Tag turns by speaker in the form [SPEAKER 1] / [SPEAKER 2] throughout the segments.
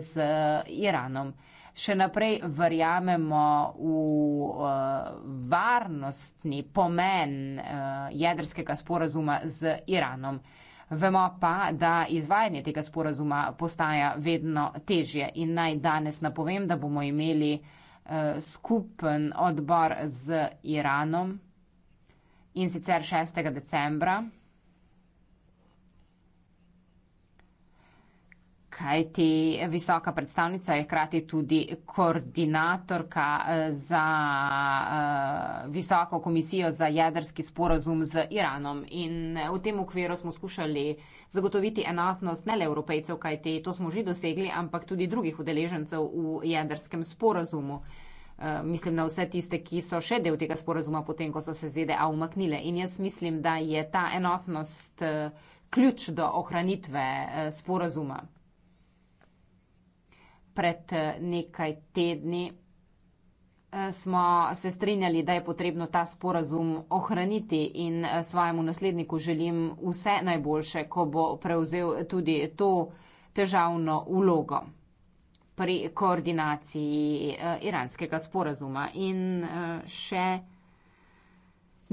[SPEAKER 1] z eh, Iranom. Še naprej verjamemo v eh, varnostni pomen eh, jedrskega sporazuma z Iranom. Vemo pa, da izvajanje tega sporazuma postaja vedno težje in naj danes napovem, da bomo imeli skupen odbor z Iranom in sicer 6. decembra. kajti visoka predstavnica je hkrati tudi koordinatorka eh, za eh, visoko komisijo za jedrski sporozum z Iranom. In eh, v tem okviru smo skušali zagotoviti enotnost ne le evropejcev, kajti to smo že dosegli, ampak tudi drugih udeležencev v jedrskem sporozumu. Mislim na vse tiste, ki so še del tega sporozuma, potem ko so se ZDA umaknile. In jaz mislim, da je ta enotnost ključ do ohranitve sporozuma pred eh, nekaj tedni eh, smo se strinjali, da je potrebno ta sporazum ohraniti in eh, svojemu nasledniku želim vse najboljše, ko bo prevzel tudi to težavno vlogo pri koordinaciji iranskega sporazuma. In še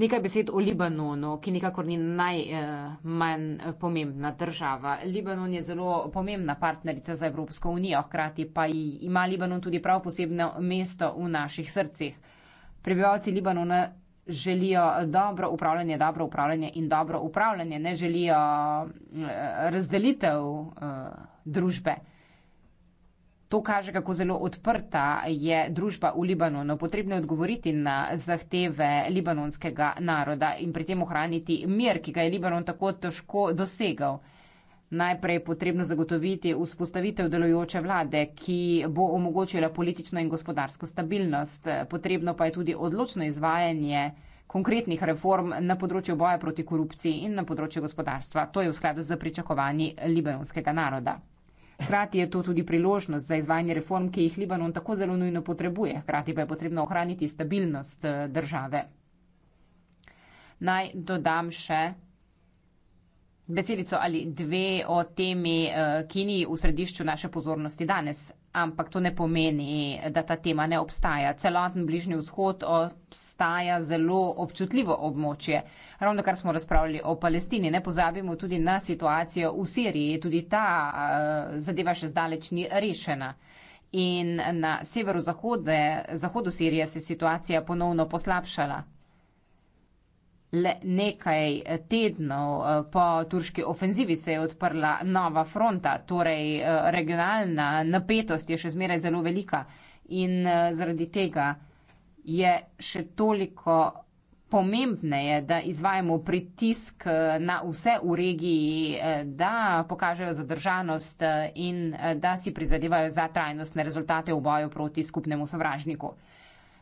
[SPEAKER 1] Nekaj besed o Libanonu, ki nikakor ni najmanj eh, pomembna država. Libanon je zelo pomembna partnerica za Evropsko unijo, hkrati pa ima Libanon tudi prav posebno mesto v naših srcih. Prebivalci Libanona želijo dobro upravljanje, dobro upravljanje in dobro upravljanje, ne želijo eh, razdelitev eh, družbe. To kaže, kako zelo odprta je družba v Libanonu. Potrebno je odgovoriti na zahteve libanonskega naroda in pri tem ohraniti mir, ki ga je Libanon tako težko dosegal. Najprej je potrebno zagotoviti vzpostavitev delujoče vlade, ki bo omogočila politično in gospodarsko stabilnost. Potrebno pa je tudi odločno izvajanje konkretnih reform na področju boja proti korupciji in na področju gospodarstva. To je v skladu z pričakovanji libanonskega naroda. Hkrati je to tudi priložnost za izvajanje reform, ki jih Libanon tako zelo nujno potrebuje. Hkrati pa je potrebno ohraniti stabilnost eh, države. Naj dodam še besedico ali dve o temi, eh, ki ni v središču naše pozornosti danes. Ampak to ne pomeni, da ta tema ne obstaja. Celoten Bližnji vzhod obstaja zelo občutljivo območje. Ravno kar smo razpravljali o Palestini, ne pozabimo tudi na situacijo v Siriji. Tudi ta uh, zadeva še zdaleč ni rešena. In na severu zahode, zahodu Sirije se je situacija ponovno poslabšala. Le nekaj tednov eh, po turški ofenzivi se je odprla nova fronta, torej eh, regionalna napetost je še zmeraj zelo velika in eh, zaradi tega je še toliko pomembneje, da izvajamo pritisk na vse v regiji, da pokažejo zadržanost in da si prizadevajo za trajnostne rezultate v boju proti skupnemu sovražniku.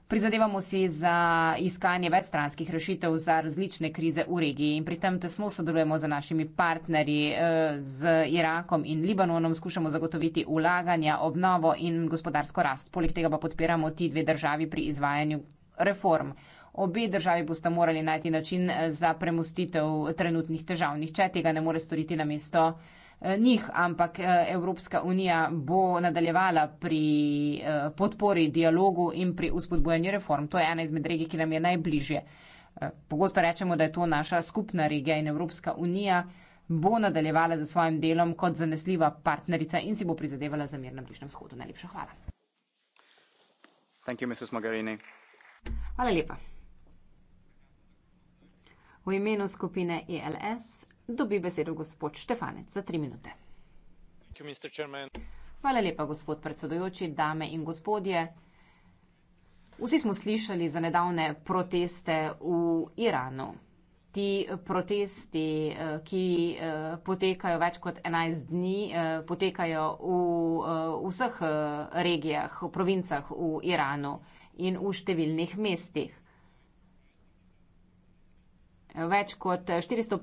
[SPEAKER 1] Prizadevamo si za iskanje večstranskih rešitev za različne krize v regiji in pri tem tesno sodelujemo z našimi partnerji, eh, z Irakom in Libanonom, skušamo zagotoviti ulaganja, obnovo in gospodarsko rast. Poleg tega pa podpiramo ti dve državi pri izvajanju reform. Obe državi boste morali najti način eh, za premustitev trenutnih težavnih, če tega ne more storiti na mesto. Eh, njih, ampak eh, Evropska unija bo nadaljevala pri eh, podpori dialogu in pri uspodbujanju reform. To je ena izmed regij, ki nam je najbližje. Pogosto rečemo, da je to naša skupna regija in Evropska unija bo nadaljevala za svojim delom kot zanesljiva partnerica in si bo prizadevala za mir na Bližnem vzhodu. Najlepša hvala.
[SPEAKER 2] Thank you, Mrs. Mogherini. Hvala lepa.
[SPEAKER 1] V imenu skupine ELS Dobi besedo gospod Štefanec za tri minute. Hvala lepa, gospod predsedujoči, dame in gospodje. Vsi smo slišali za nedavne proteste v Iranu. Ti protesti, eh, ki eh, potekajo več kot enajst dni, eh, potekajo v vseh regijah, v provincah v Iranu in v številnih mestih več kot 450 eh,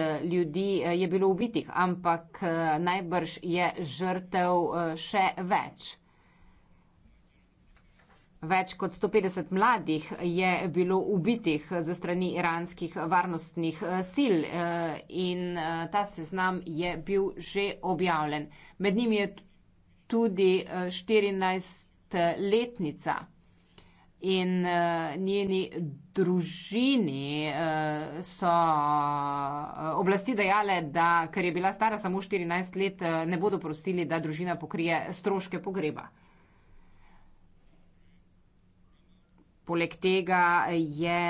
[SPEAKER 1] eh, ljudi eh, je bilo ubitih, ampak najbrž je žrtev še več. Več kot 150 mladih je bilo ubitih za strani iranskih varnostnih sil in ta seznam je bil že objavljen. Med njimi je tudi 14-letnica in uh, njeni družini uh, so uh, oblasti dejale, da ker je bila stara samo 14 let, uh, ne bodo prosili, da družina pokrije stroške pogreba. Poleg tega je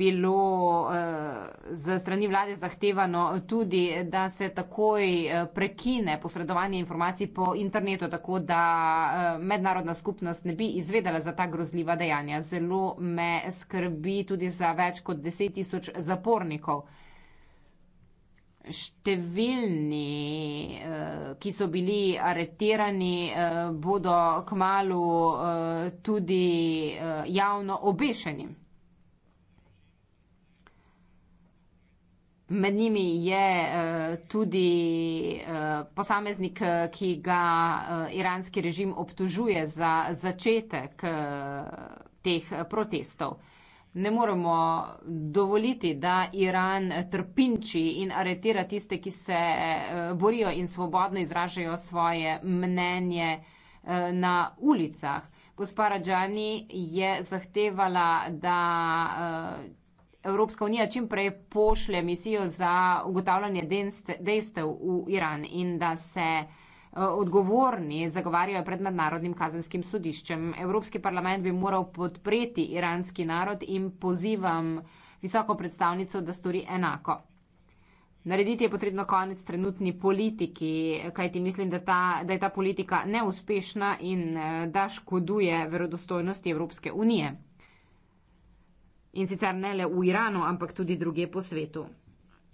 [SPEAKER 1] bilo eh, z strani vlade zahtevano tudi, da se takoj eh, prekine posredovanje informacij po internetu, tako da eh, mednarodna skupnost ne bi izvedela za ta grozljiva dejanja. Zelo me skrbi tudi za več kot deset tisoč zapornikov številni, eh, ki so bili aretirani, eh, bodo kmalo eh, tudi javno obešeni. Med njimi je tudi posameznik, ki ga iranski režim obtožuje za začetek teh protestov. Ne moremo dovoliti, da Iran trpinči in aretira tiste, ki se eh, borijo in svobodno izražajo svoje mnenje eh, na ulicah. Gospa Rajani je zahtevala, da eh, Evropska unija čimprej pošlje misijo za ugotavljanje dejstev v Iran in da se Eh, odgovorni, zagovarjajo pred mednarodnim kazenskim sodiščem. Evropski parlament bi moral podpreti iranski narod in pozivam visoko predstavnico, da stori enako. Narediti je potrebno konec trenutni politiki, kajti mislim, da, ta, da je ta politika neuspešna in eh, da škoduje verodostojnosti Evropske unije. In sicer ne le v Iranu, ampak tudi druge po svetu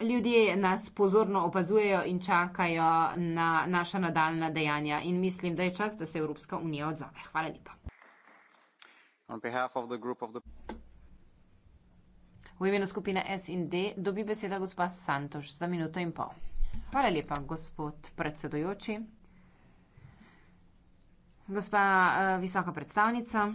[SPEAKER 1] ljudje nas pozorno opazujejo in čakajo na naša nadaljna dejanja. In mislim, da je čas, da se Evropska unija odzove. Hvala lepa. V imenu skupine SND dobi beseda gospa Santoš za minuto in pol. Hvala lepa, gospod predsedojoči. Gospa eh, visoka predstavnica.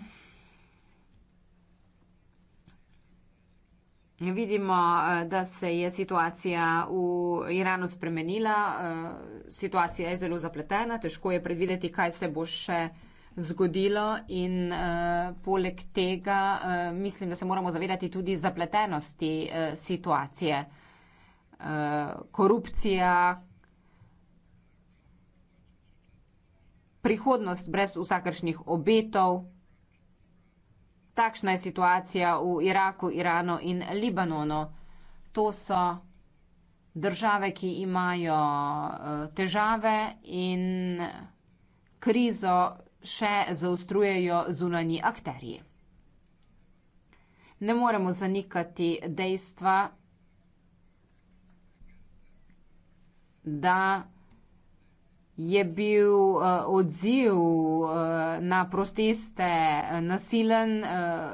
[SPEAKER 1] Vidimo, eh, da se je situacija v Iranu spremenila, eh, situacija je zelo zapletena, težko je predvideti, kaj se bo še zgodilo in eh, poleg tega mislim, da se moramo zavedati tudi zapletenosti situacije. Korupcija, prihodnost brez vsakršnih obetov. Takšna je situacija v Iraku, Iranu in Libanonu. To so države, ki imajo eh, težave in krizo še zaostrujejo zunanji akterji. Ne moremo zanikati dejstva, da je bil uh, odziv uh, na proteste uh, nasilen, uh,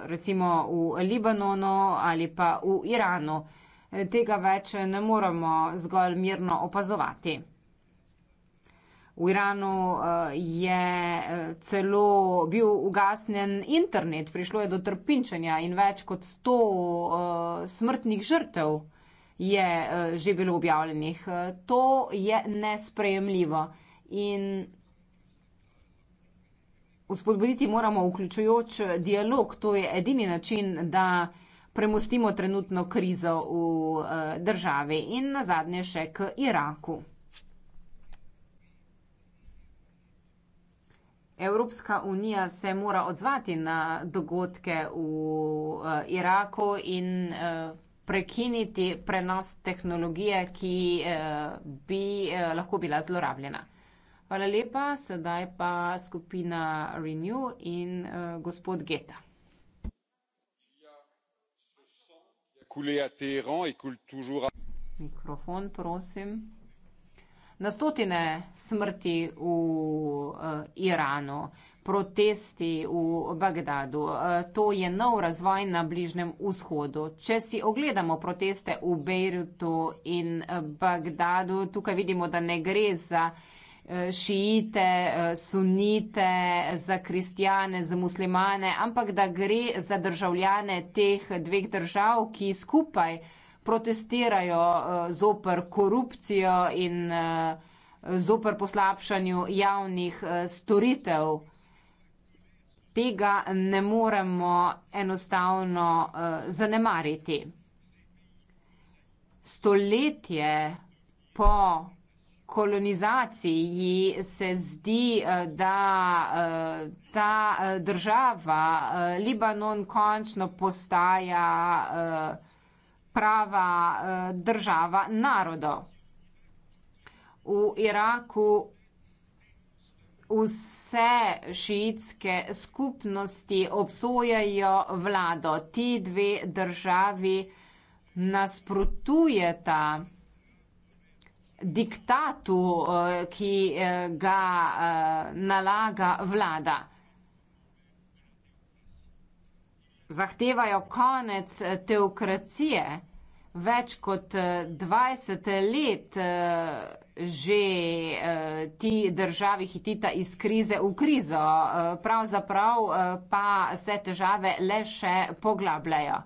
[SPEAKER 1] recimo v Libanonu ali pa v Iranu. Tega več ne moremo zgolj mirno opazovati. V Iranu je celo bil ugasnen internet, prišlo je do trpinčenja in več kot sto smrtnih žrtev je že bilo objavljenih. To je nespremljivo. In vzpodbuditi moramo vključujoč dialog, to je edini način, da premostimo trenutno krizo v eh, državi. In nazadnje še k Iraku. Evropska unija se mora odzvati na dogodke v eh, Iraku in eh, prekiniti prenos tehnologije, ki bi lahko bila zlorabljena. Hvala lepa. Sedaj pa skupina Renew in uh, gospod Geta. Mikrofon, prosim. Na stotine smrti v uh, Iranu, protesti v Bagdadu, uh, to je nov razvoj na Bližnem vzhodu. Če si ogledamo proteste v Bejrutu in uh, Bagdadu, tukaj vidimo, da ne gre za uh, šiite, eh, sunite, za kristijane, za muslimane, ampak da gre za državljane teh dveh držav, ki skupaj protestirajo eh, zoper korupcijo in eh, zoper poslabšanju javnih storitev. Tega ne moremo enostavno zanemariti. Stoletje po kolonizaciji se zdi, eh, da eh, ta eh, država, Libanon, končno postaja prava država narodov. V Iraku vse šiitske skupnosti obsojajo vlado. Ti dve državi nasprotujeta diktatu, eh, ki eh, ga eh, nalaga vlada. Zahtevajo konec teokracije. Več kot 20 let že ti državi hitita iz krize v krizo, pravzaprav pa se težave le še poglabljajo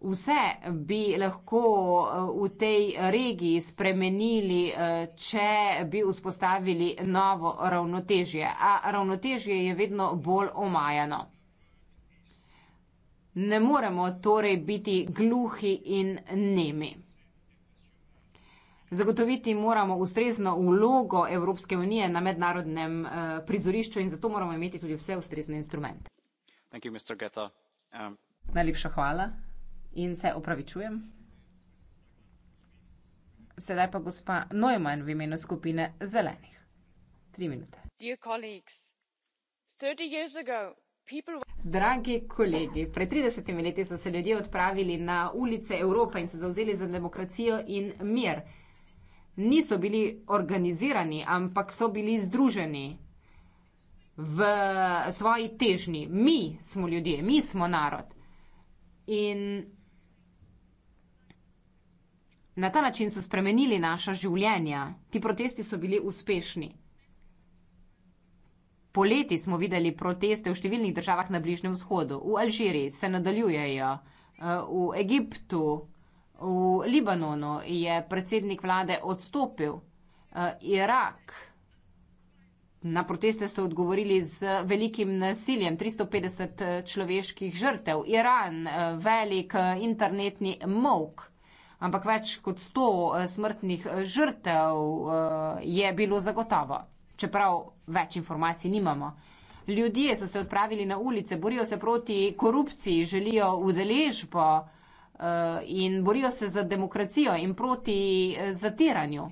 [SPEAKER 1] vse bi lahko eh, v tej regiji spremenili, eh, če bi vzpostavili novo ravnotežje. A ravnotežje je vedno bolj omajano. Ne moremo torej biti gluhi in nemi. Zagotoviti moramo ustrezno vlogo Evropske unije na mednarodnem eh, prizorišču in zato moramo imeti tudi vse ustrezne instrumente. Um, Najlepša hvala in se opravičujem. Sedaj pa gospa Neumann v imenu skupine zelenih. Tri minute. Dragi kolegi, pred 30 leti so se ljudje odpravili na ulice Evrope in se zauzeli za demokracijo in mir. Niso bili organizirani, ampak so bili združeni v svoji težni. Mi smo ljudje, mi smo narod. In Na ta način so spremenili naša življenja. Ti protesti so bili uspešni. Poleti smo videli proteste v številnih državah na Bližnem vzhodu. V Alžiriji se nadaljujejo, eh, v Egiptu, v Libanonu je predsednik vlade odstopil, eh, Irak. Na proteste so odgovorili z velikim nasiljem, 350 eh, človeških žrtev, Iran, velik internetni mok ampak več kot sto eh, smrtnih eh, žrtev eh, je bilo zagotovo, čeprav več informacij nimamo. Ljudje so se odpravili na ulice, borijo se proti korupciji, želijo udeležbo in borijo se za demokracijo in proti zatiranju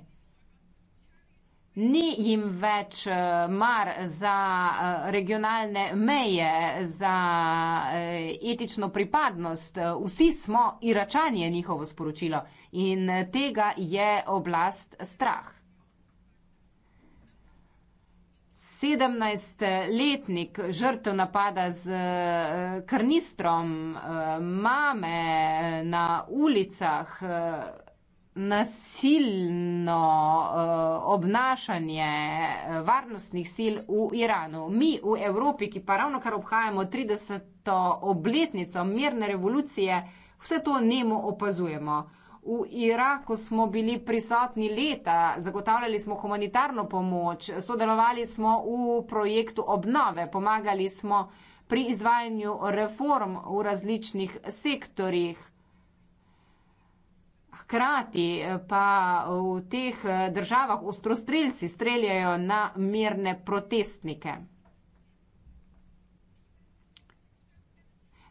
[SPEAKER 1] ni jim več eh, mar za eh, regionalne meje, za eh, etično pripadnost. Vsi smo iračani, je njihovo sporočilo. In tega je oblast strah. 17-letnik žrtev napada z karnistrom mame na ulicah nasilno uh, obnašanje eh, varnostnih sil v Iranu. Mi v Evropi, ki pa ravno kar obhajamo 30. obletnico mirne revolucije, vse to nemo opazujemo. V Iraku smo bili prisotni leta, zagotavljali smo humanitarno pomoč, sodelovali smo v projektu obnove, pomagali smo pri izvajanju reform v različnih sektorjih. Hkrati eh, pa eh, v teh eh, državah ostrostrelci streljajo na mirne protestnike.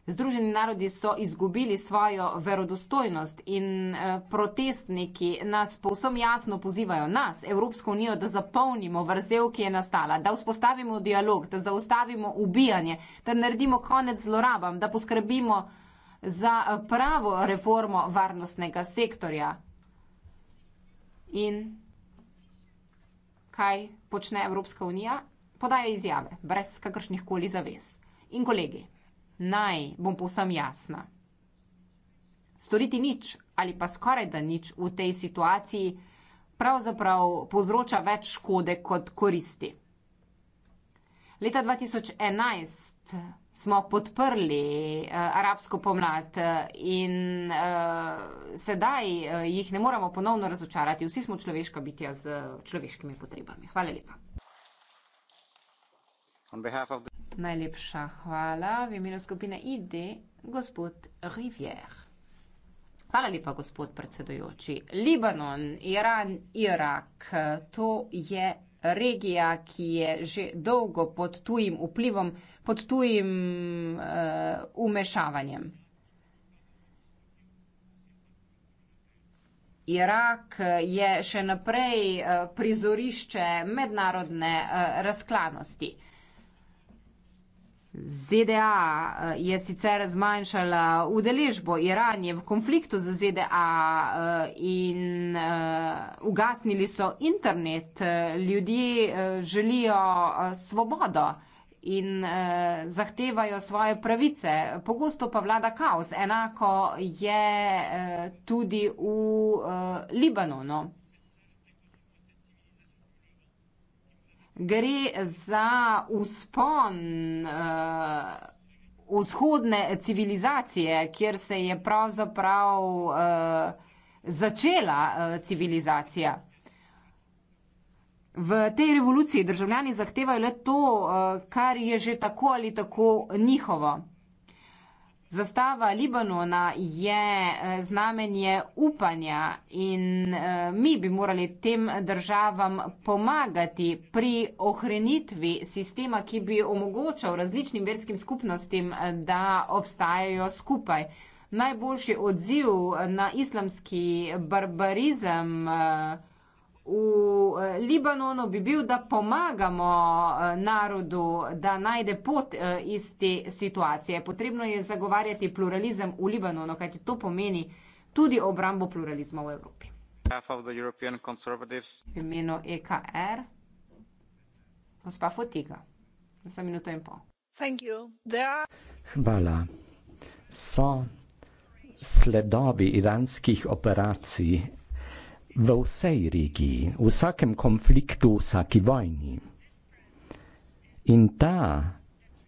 [SPEAKER 1] Združeni narodi so izgubili svojo verodostojnost in protestniki nas povsem jasno pozivajo, nas, Evropsko unijo, da zapolnimo vrzel, ki je nastala, da vzpostavimo dialog, da zaustavimo ubijanje, da naredimo konec zlorabam, da poskrbimo vrzel za eh, pravo reformo varnostnega sektorja. In kaj počne Evropska unija? Podaja izjave, brez kakršnih koli zavez. In kolegi, naj bom povsem jasna. Storiti nič ali pa skoraj da nič v tej situaciji pravzaprav povzroča več škode kot koristi. Leta 2011 smo podprli uh, arabsko pomlad eh, in uh, sedaj uh, jih ne moramo ponovno razočarati. Vsi smo človeška bitja z človeškimi potrebami. Hvala lepa.
[SPEAKER 2] The...
[SPEAKER 1] Najlepša hvala v imenu skupine ID, gospod Rivier. Hvala lepa, gospod predsedujoči. Libanon, Iran, Irak, to je regija, ki je že dolgo pod tujim vplivom, pod tujim uh, umešavanjem. Irak eh, je še naprej eh, prizorišče mednarodne razklanosti. ZDA eh, je sicer zmanjšala udeležbo, Iran je v konfliktu z ZDA eh, in eh, ugasnili so internet, ljudje želijo svobodo in zahtevajo svoje pravice. Pogosto pa vlada kaos, enako je tudi v Libanonu. gre za uspon uh, eh, vzhodne civilizacije, kjer se je pravzaprav uh, začela uh, civilizacija. V tej revoluciji državljani zahtevajo le to, uh, kar je že tako ali tako njihovo. Zastava Libanona je eh, znamenje upanja in eh, mi bi morali tem državam pomagati pri ohrenitvi sistema, ki bi omogočal različnim verskim skupnostim, eh, da obstajajo skupaj. Najboljši odziv na islamski barbarizem v eh, Libanonu bi bil, da pomagamo eh, narodu, da najde pot eh, iz te situacije. Potrebno je zagovarjati pluralizem v Libanonu, kajti to pomeni tudi obrambo pluralizma v Evropi. V imenu EKR, gospa Fotiga, za minuto in pol.
[SPEAKER 3] Hvala. So sledovi iranskih operacij v vsej regiji, v vsakem konfliktu, v vsaki vojni. In ta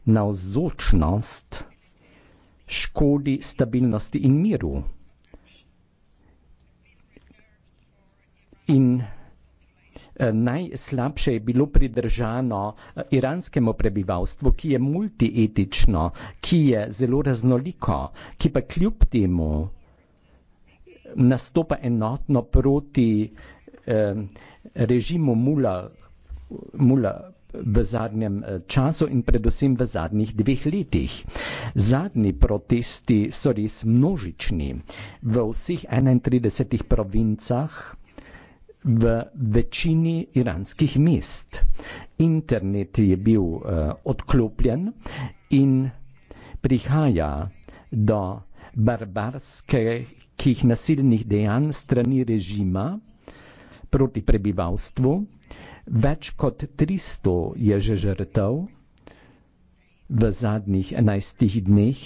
[SPEAKER 3] navzočnost škodi stabilnosti in miru. In eh, najslabše je bilo pridržano eh, iranskemu prebivalstvu, ki je multietično, ki je zelo raznoliko, ki pa kljub temu nastopa enotno proti eh, režimu Mula, Mula v zadnjem eh, času in predvsem v zadnjih dveh letih. Zadnji protesti so res množični v vseh 31 provincah, v večini iranskih mest. Internet je bil eh, odklopljen in prihaja do barbarskih nasilnih dejanj strani režima proti prebivalstvu. Več kot 300 je že žrtev v zadnjih 11 dneh,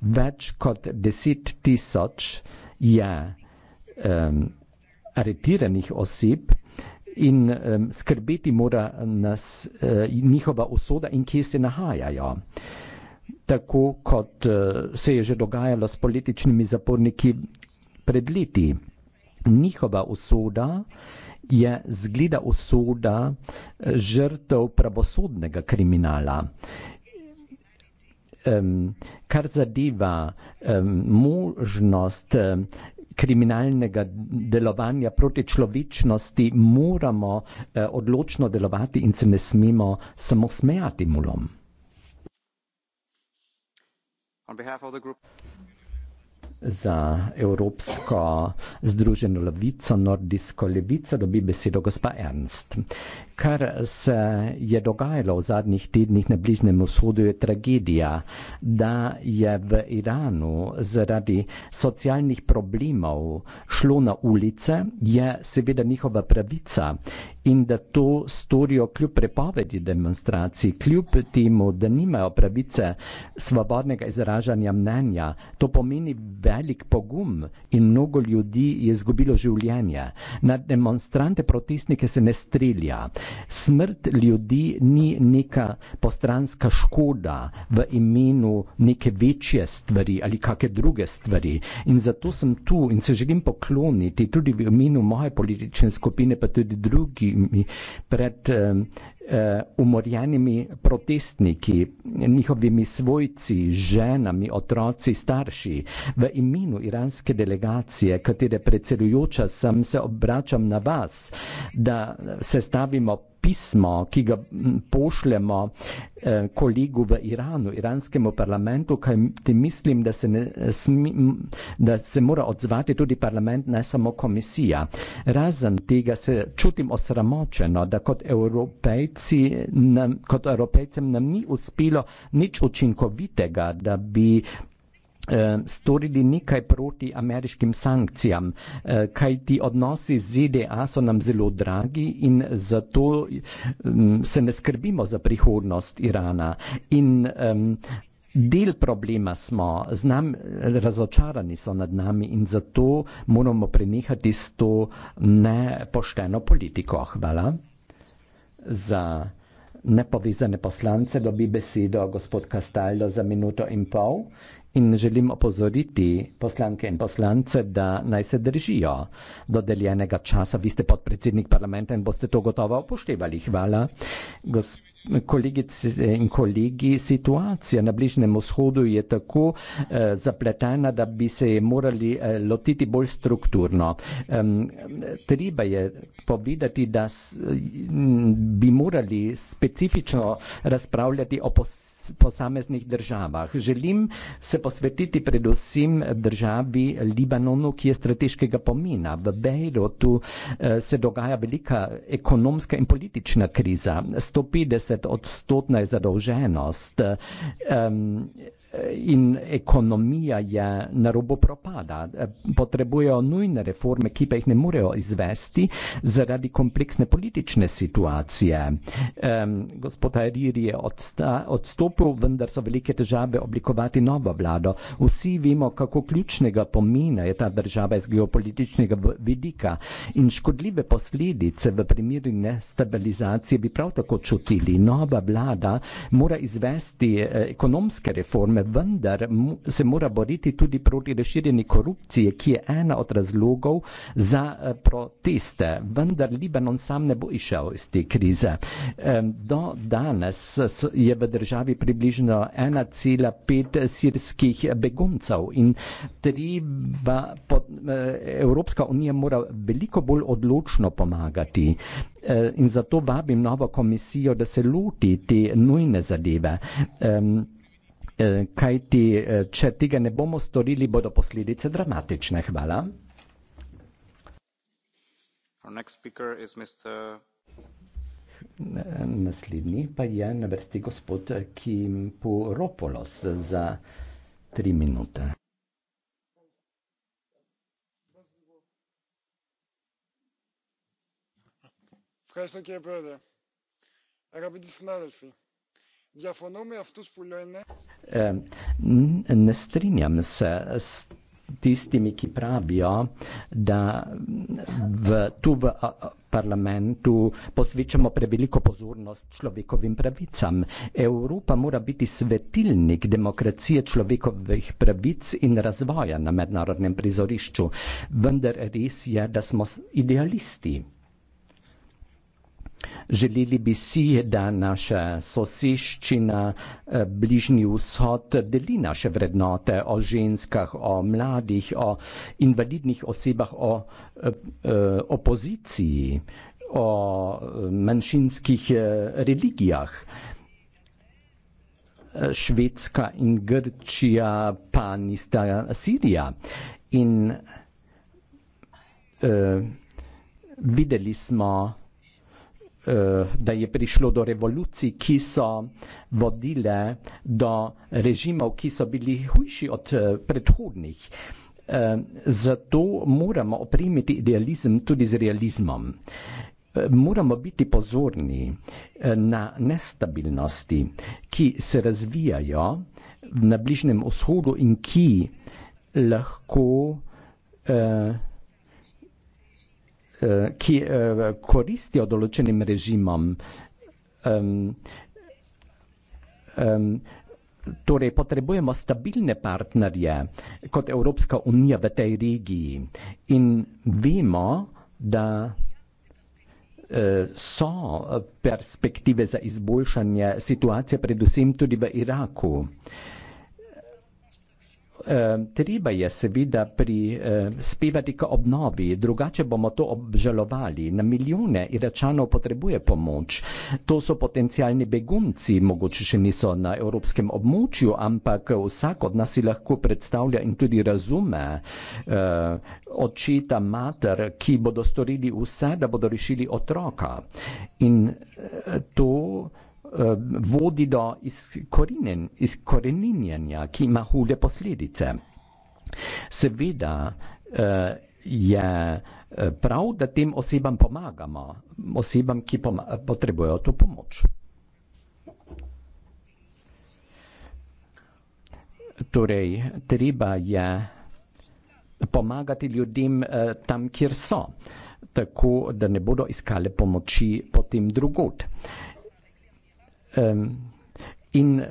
[SPEAKER 3] več kot 10 tisoč je um, aretiranih oseb in um, skrbeti mora nas uh, njihova usoda in kje se nahajajo tako kot eh, se je že dogajalo s političnimi zaporniki pred leti. Njihova usoda je zgleda usoda eh, žrtev pravosodnega kriminala. Kar zadeva možnost kriminalnega delovanja proti človečnosti, moramo eh, odločno delovati in se ne smemo samo smejati mulom. Za Evropsko združeno levico, nordijsko levico dobi besedo gospa Ernst. Kar se je dogajalo v zadnjih tednih na Bližnjem vzhodu je tragedija, da je v Iranu zaradi socialnih problemov šlo na ulice, je seveda njihova pravica in da to storijo kljub prepovedi demonstracij, kljub temu, da nimajo pravice svobodnega izražanja mnenja. To pomeni velik pogum in mnogo ljudi je izgubilo življenje. Na demonstrante, protestnike se ne strelja. Smrt ljudi ni neka postranska škoda v imenu neke večje stvari ali kakšne druge stvari. In zato sem tu in se želim pokloniti tudi v imenu moje politične skupine, pa tudi drugih pred eh, umorjenimi protestniki, njihovimi svojci, ženami, otroci, starši. V imenu iranske delegacije, katere predsedujoča sem, se obračam na vas, da sestavimo pismo, ki ga pošljemo eh, kolegu v Iranu, iranskemu parlamentu, kaj ti mislim, da se, ne, smi, da se mora odzvati tudi parlament, ne samo komisija. Razen tega se čutim osramočeno, da kot evropejci, Evropejci nam, kot Evropejcem nam ni uspelo nič učinkovitega, da bi eh, storili nekaj proti ameriškim sankcijam, eh, kaj ti odnosi z ZDA so nam zelo dragi in zato mm, se ne skrbimo za prihodnost Irana. In del problema smo, znam, razočarani so nad nami in zato moramo prenehati s to nepošteno politiko. Hvala za nepovezane poslance dobi besedo gospod Kastaljo za minuto in pol in želim opozoriti poslanke in poslance, da naj se držijo dodeljenega časa. Vi ste podpredsednik parlamenta in boste to gotovo upoštevali. Hvala. Gosp kolegice in kolegi, situacija na Bližnem vzhodu je tako eh, zapletena, da bi se je morali eh, lotiti bolj strukturno. Um, treba je povedati, da s, m, bi morali specifično razpravljati o posebnosti posameznih državah. Želim se posvetiti predvsem državi Libanonu, ki je strateškega pomena. V Bejrotu eh, se dogaja velika ekonomska in politična kriza, 150 odstotna je zadolženost. Um, Eh, in ekonomija je na robu propada. Eh, potrebujejo nujne reforme, ki pa jih ne morejo izvesti zaradi kompleksne politične situacije. Um, gospod Ariri je odsta, odstopil, vendar so velike težave oblikovati novo vlado. Vsi vemo, kako ključnega pomena je ta država iz geopolitičnega vidika in škodljive posledice v primeru nestabilizacije bi prav tako čutili. Nova vlada mora izvesti eh, ekonomske reforme, vendar se mora boriti tudi proti razširjeni korupciji, ki je ena od razlogov za eh, proteste. Vendar Libanon sam ne bo išel iz te krize. Do danes je v državi približno 1,5 sirskih beguncev in treba, eh, Evropska unija mora veliko bolj odločno pomagati. Eh, in zato vabim novo komisijo, da se loti te nujne zadeve. Eh, kaj ti, eh, če tega ne bomo storili, bodo posledice dramatične. Hvala. Naslednji pa je na vrsti gospod Kim Puropolos za tri minute.
[SPEAKER 4] Kaj se kje, brother? Rabidi Snadelfi. Diafonume v tuspuljene.
[SPEAKER 3] Ne strinjam se s tistimi, ki pravijo, da v, tu v parlamentu posvečamo preveliko pozornost človekovim pravicam. Evropa mora biti svetilnik demokracije človekovih pravic in razvoja na mednarodnem prizorišču. Vendar res je, da smo idealisti. Želeli bi si, da naša soseščina, eh, bližnji vzhod deli naše vrednote o ženskah, o mladih, o invalidnih osebah, o, o eh, eh, opoziciji, o manjšinskih religijah. Švedska in Grčija, pa nista Sirija. In uh, videli smo, Eh, da je prišlo do revolucij, ki so vodile do režimov, ki so bili hujši od eh, predhodnih. Eh, zato moramo oprimiti idealizem tudi z realizmom. Moramo biti pozorni na nestabilnosti, ki se razvijajo na Bližnjem vzhodu in ki lahko eh, Eh, ki eh, koristijo določenim režimom. Um, um, torej, potrebujemo stabilne partnerje kot Evropska unija v tej regiji in vemo, da eh, so perspektive za izboljšanje situacije, predvsem tudi v Iraku. Ehm, treba je seveda prispevati k obnovi, drugače bomo to obžalovali. Na milijone Iračanov potrebuje pomoč. To so potencijalni begunci, mogoče še niso na evropskem območju, ampak vsak od nas si lahko predstavlja in tudi razume ehm, očeta, mater, ki bodo storili vse, da bodo rešili otroka. In eh, to. Eh, vodi do izkoreninjanja, ki ima hude posledice. Seveda eh, je eh, prav, da tem osebam pomagamo, osebam, ki potrebujejo to pomoč. Torej, treba je pomagati ljudem tam, kjer so, tako da ne bodo iskali pomoči potem drugod. Um, in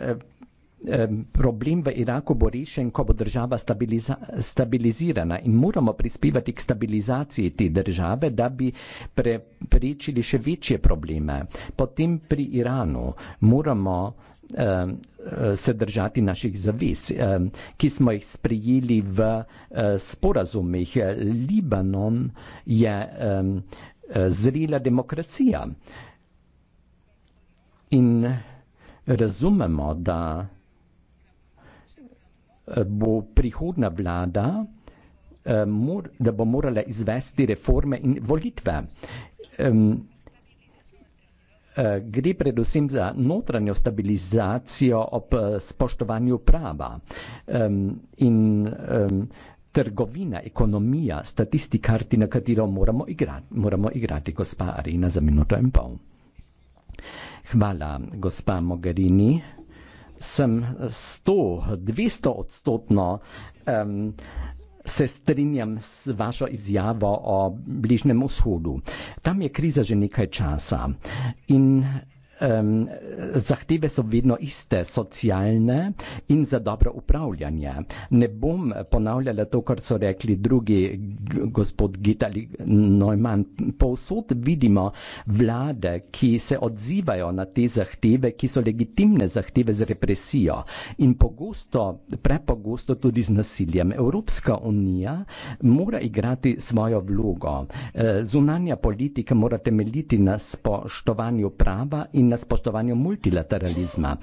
[SPEAKER 3] um, problem v Iraku bo rešen, ko bo država stabiliza, stabilizirana in moramo prispevati k stabilizaciji te države, da bi preprečili še večje probleme. Potem pri Iranu moramo se držati naših zavez, ki smo jih sprijeli v eh, sporazumih. Libanon je zrela demokracija in razumemo, da bo prihodna vlada, eh, da bo morala izvesti reforme in volitve. Eh, gre predvsem za notranjo stabilizacijo ob eh, spoštovanju prava in trgovina, ekonomija, statistika, na katero moramo igrati, moramo igrati gospa Arina za minuto in pol. Hvala, gospa Mogherini. Sem 100-200 odstotno um, se strinjam s vašo izjavo o Bližnjem vzhodu. Tam je kriza že nekaj časa in um, zahteve so vedno iste, socialne in za dobro upravljanje. Ne bom ponavljala to, kar so rekli drugi gospod Gitali Neumann. Povsod vidimo vlade, ki se odzivajo na te zahteve, ki so legitimne zahteve z represijo in pogosto, prepogosto tudi z nasiljem. Evropska unija mora igrati svojo vlogo. Ehm, zunanja politika mora temeljiti na spoštovanju prava in nespoštovanju multilateralizma.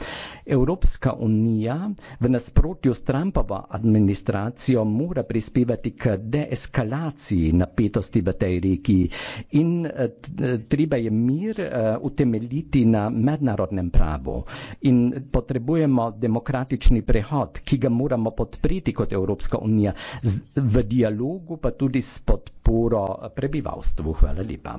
[SPEAKER 3] Evropska unija v nasprotju s Trumpovo administracijo mora prispevati k deeskalaciji napetosti v tej regiji in eh, eh, treba je mir eh, utemeljiti na mednarodnem pravu. In potrebujemo demokratični prehod, ki ga moramo podpreti kot Evropska unija v dialogu, pa tudi s podporo prebivalstvu. Hvala lepa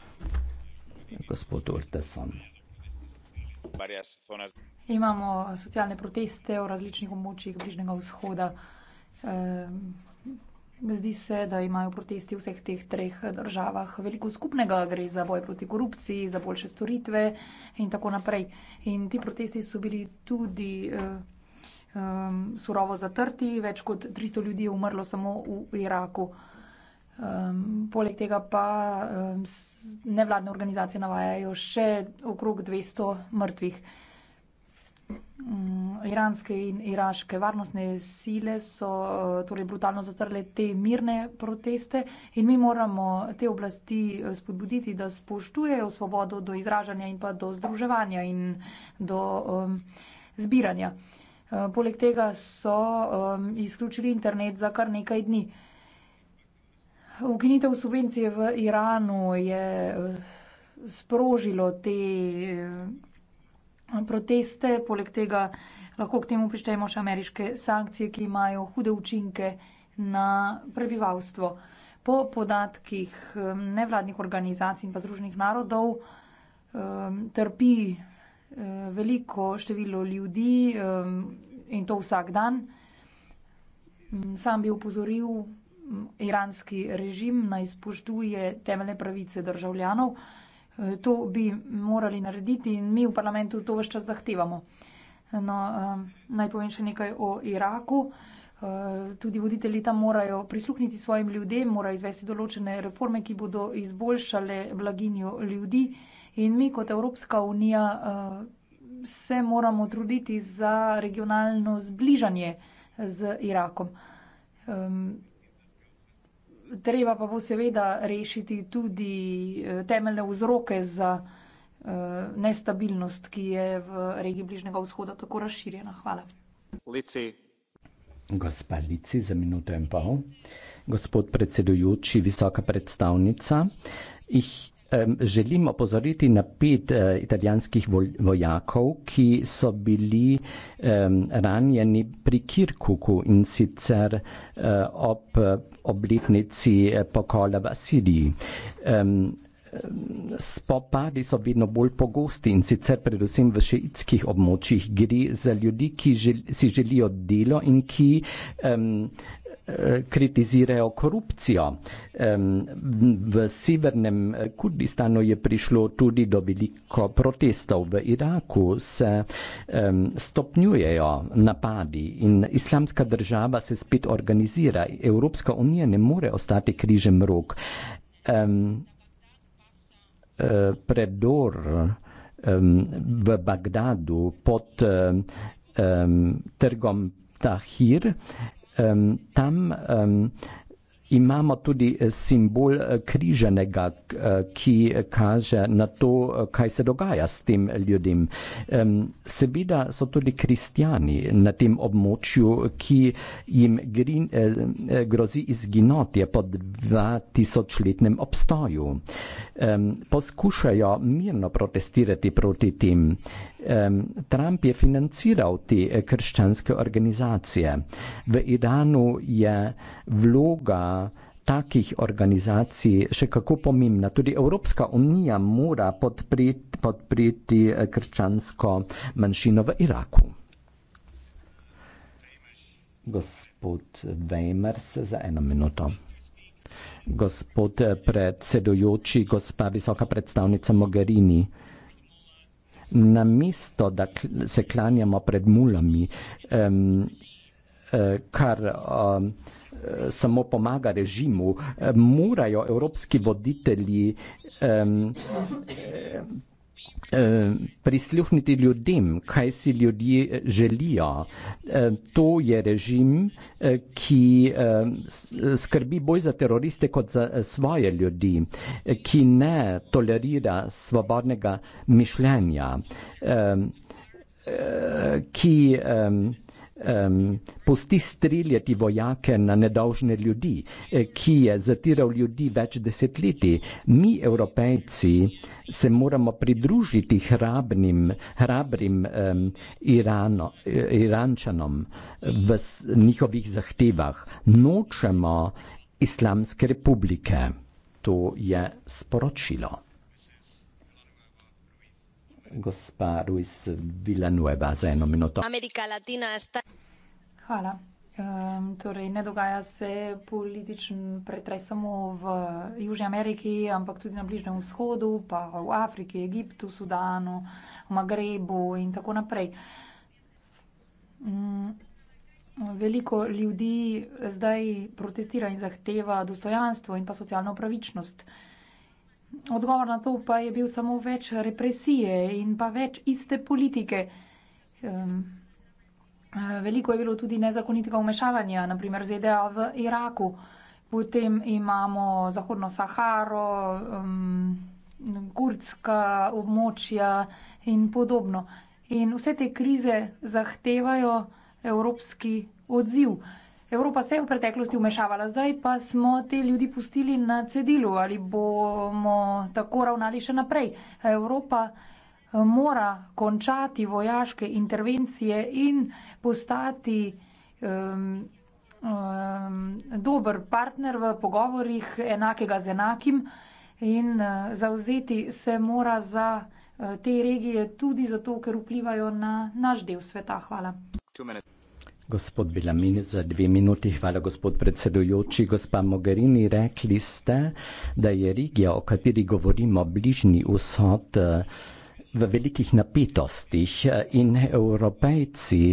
[SPEAKER 2] gospod Urteson.
[SPEAKER 5] Imamo socialne proteste v različnih območjih Bližnjega vzhoda. Ehm, zdi se, da imajo protesti v vseh teh treh državah veliko skupnega. Gre za boj proti korupciji, za boljše storitve in tako naprej. In ti protesti so bili tudi eh, ehm, surovo zatrti. Več kot 300 ljudi je umrlo samo v Iraku. Um, poleg tega pa um, nevladne organizacije navajajo še okrog 200 mrtvih. Um, iranske in iraške varnostne sile so uh, torej brutalno zatrle te mirne proteste in mi moramo te oblasti eh, spodbuditi, da spoštujejo svobodo do izražanja in pa do združevanja in do um, zbiranja. Uh, poleg tega so um, izključili internet za kar nekaj dni. Uh, Ukinitev subvencije v Iranu je eh, sprožilo te eh, proteste, poleg tega lahko k temu prištejemo še ameriške sankcije, ki imajo hude učinke na prebivalstvo. Po podatkih eh, nevladnih organizacij in pa Združenih narodov trpi veliko število ljudi in to vsak dan. Mm, sam bi upozoril, iranski režim naj spoštuje temeljne pravice državljanov. E, to bi morali narediti in mi v parlamentu to vse čas zahtevamo. No, e, naj povem še nekaj o Iraku. E, tudi voditelji tam morajo prisluhniti svojim ljudem, morajo izvesti določene reforme, ki bodo izboljšale blaginjo ljudi. In mi kot Evropska unija se moramo truditi za regionalno zbližanje z Irakom treba pa bo seveda rešiti tudi eh, temeljne vzroke za eh, nestabilnost, ki je v regiji Bližnjega vzhoda tako razširjena. Hvala.
[SPEAKER 2] Lici.
[SPEAKER 3] Gospa Lici za minuto in pol. Gospod predsedujoči, visoka predstavnica, jih Želim opozoriti na pet eh, italijanskih vojakov, ki so bili ranjeni pri Kirkuku in sicer eh, ob eh, obletnici pokola v Siriji. Spopadi so vedno bolj pogosti in sicer predvsem v šeitskih območjih. Gre za ljudi, ki si želijo delo in ki. Eh, kritizirajo korupcijo. V severnem eh, Kurdistanu je prišlo tudi do veliko protestov, v Iraku se stopnjujejo napadi in islamska država se spet organizira. Evropska unija ne more ostati križem rok. Eh, predor v Bagdadu pod trgom Tahir um, tam um, imamo tudi eh, simbol eh, križenega, eh, ki kaže na to, kaj se dogaja s tem ljudem. Um, Seveda so tudi kristjani na tem območju, ki jim grin, eh, grozi izginotje po 2000-letnem obstoju. Um, poskušajo mirno protestirati proti tem. Trump je financiral te eh, krščanske organizacije. V Iranu je vloga takih organizacij še kako pomembna. Tudi Evropska unija mora podpreti, podpreti eh, krščansko manjšino v Iraku. Gospod Weimers za eno minuto. Gospod eh, predsedujoči, gospa visoka predstavnica Mogherini na mesto, da se klanjamo pred mulami, um, kar um, eh, samo pomaga režimu, eh, morajo evropski voditelji um, Eh, prisluhniti ljudem, kaj si ljudje eh, želijo. Eh, to je režim, ki skrbi bolj za teroriste kot za svoje ljudi, ki ne tolerira svobodnega mišljenja, ki um, pusti streljati vojake na nedolžne ljudi, eh, ki je zatiral ljudi več desetletij. Mi, evropejci, se moramo pridružiti hrabnim, hrabrim um, Irano, Irančanom v njihovih zahtevah. Nočemo islamske republike. To je sporočilo gospa Ruiz Villanueva za eno minuto.
[SPEAKER 5] Hvala. Um, torej, ne dogaja se političen pretres samo v Južni Ameriki, ampak tudi na Bližnem vzhodu, pa v Afriki, Egiptu, Sudanu, Magrebu in tako naprej. Um, veliko ljudi zdaj protestira in zahteva dostojanstvo in pa socialno pravičnost. Uh, Odgovor na to pa je bil samo več represije in pa več iste politike. Um, veliko je bilo tudi nezakonitega umešavanja, naprimer ZDA v Iraku, potem imamo Zahodno Saharo, um, kurdska območja in podobno. In vse te krize zahtevajo evropski odziv. Uh, Evropa se je v preteklosti umešavala, zdaj pa smo te ljudi pustili na cedilu ali bomo tako ravnali še naprej. Evropa eh, mora končati vojaške intervencije in postati um, um, dober partner v pogovorih enakega z enakim in uh, eh, zauzeti se mora za uh, te regije tudi zato, ker vplivajo na naš del sveta. Hvala.
[SPEAKER 2] Two minutes.
[SPEAKER 3] Gospod Bilamin, za dve minuti, hvala gospod predsedujoči. Gospa Mogherini, rekli ste, da je regija, o kateri govorimo, bližnji vzhod eh, v velikih napetostih eh, in Evropejci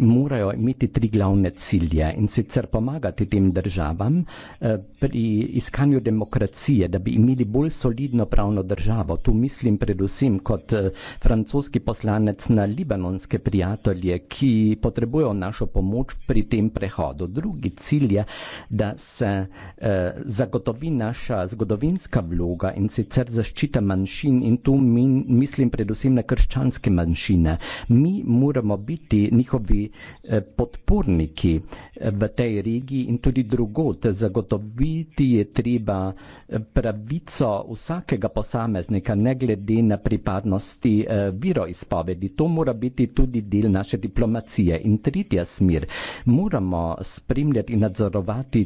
[SPEAKER 3] morajo imeti tri glavne cilje in sicer pomagati tem državam eh, pri iskanju demokracije, da bi imeli bolj solidno pravno državo. Tu mislim predvsem kot eh, francoski poslanec na libanonske prijatelje, ki potrebujejo našo pomoč pri tem prehodu. Drugi cilj je, da se eh, zagotovi naša zgodovinska vloga in sicer zaščita manjšin in tu mislim predvsem na krščanske manjšine. Mi moramo biti njihovi Eh, podporniki eh, v tej regiji in tudi drugot. Zagotoviti je treba eh, pravico vsakega posameznika, ne glede na pripadnosti viroizpovedi. To mora biti tudi del naše diplomacije. In tretja smer, moramo spremljati in nadzorovati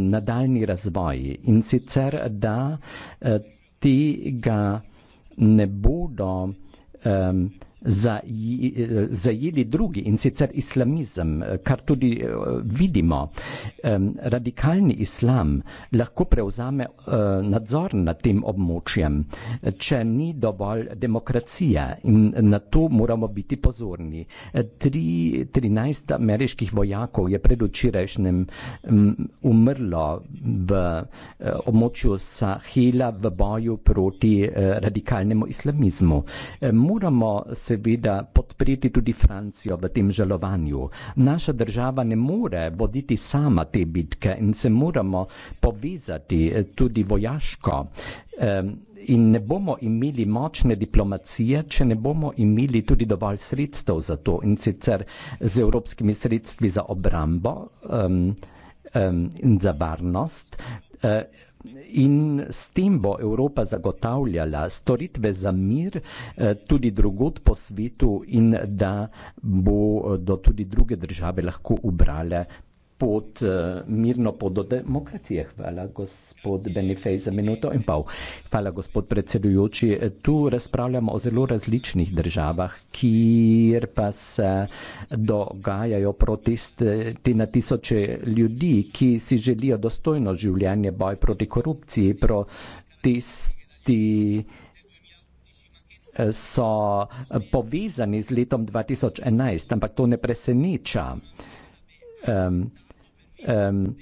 [SPEAKER 3] nadaljni razvoj in sicer, da tega ne bodo. Um, zaji, zajeli drugi in sicer islamizem, eh, kar tudi eh, vidimo. Radikalni islam lahko prevzame eh, nadzor nad tem območjem, če ni dovolj demokracije in na to moramo biti pozorni. 13 ameriških vojakov je predvčerajšnjem umrlo v območju Sahela v boju proti radikalnemu islamizmu. Moramo se seveda podpreti tudi Francijo v tem žalovanju. Naša država ne more voditi sama te bitke in se moramo povezati eh, tudi vojaško. In ne bomo imeli močne diplomacije, če ne bomo imeli tudi dovolj sredstev za to in sicer z evropskimi sredstvi za obrambo um, um, in za varnost. Uh, In s tem bo Evropa zagotavljala storitve za mir eh, tudi drugot po svetu, in da bodo eh, tudi druge države lahko ubrale pot eh, mirno pot do demokracije. Hvala, gospod Benifej, za minuto in pol. Hvala, gospod predsedujoči. Tu razpravljamo o zelo različnih državah, kjer pa se dogajajo protesti na tisoče ljudi, ki si želijo dostojno življenje, boj proti korupciji, protesti eh, so povezani z letom 2011, ampak to ne preseneča. Um, Um,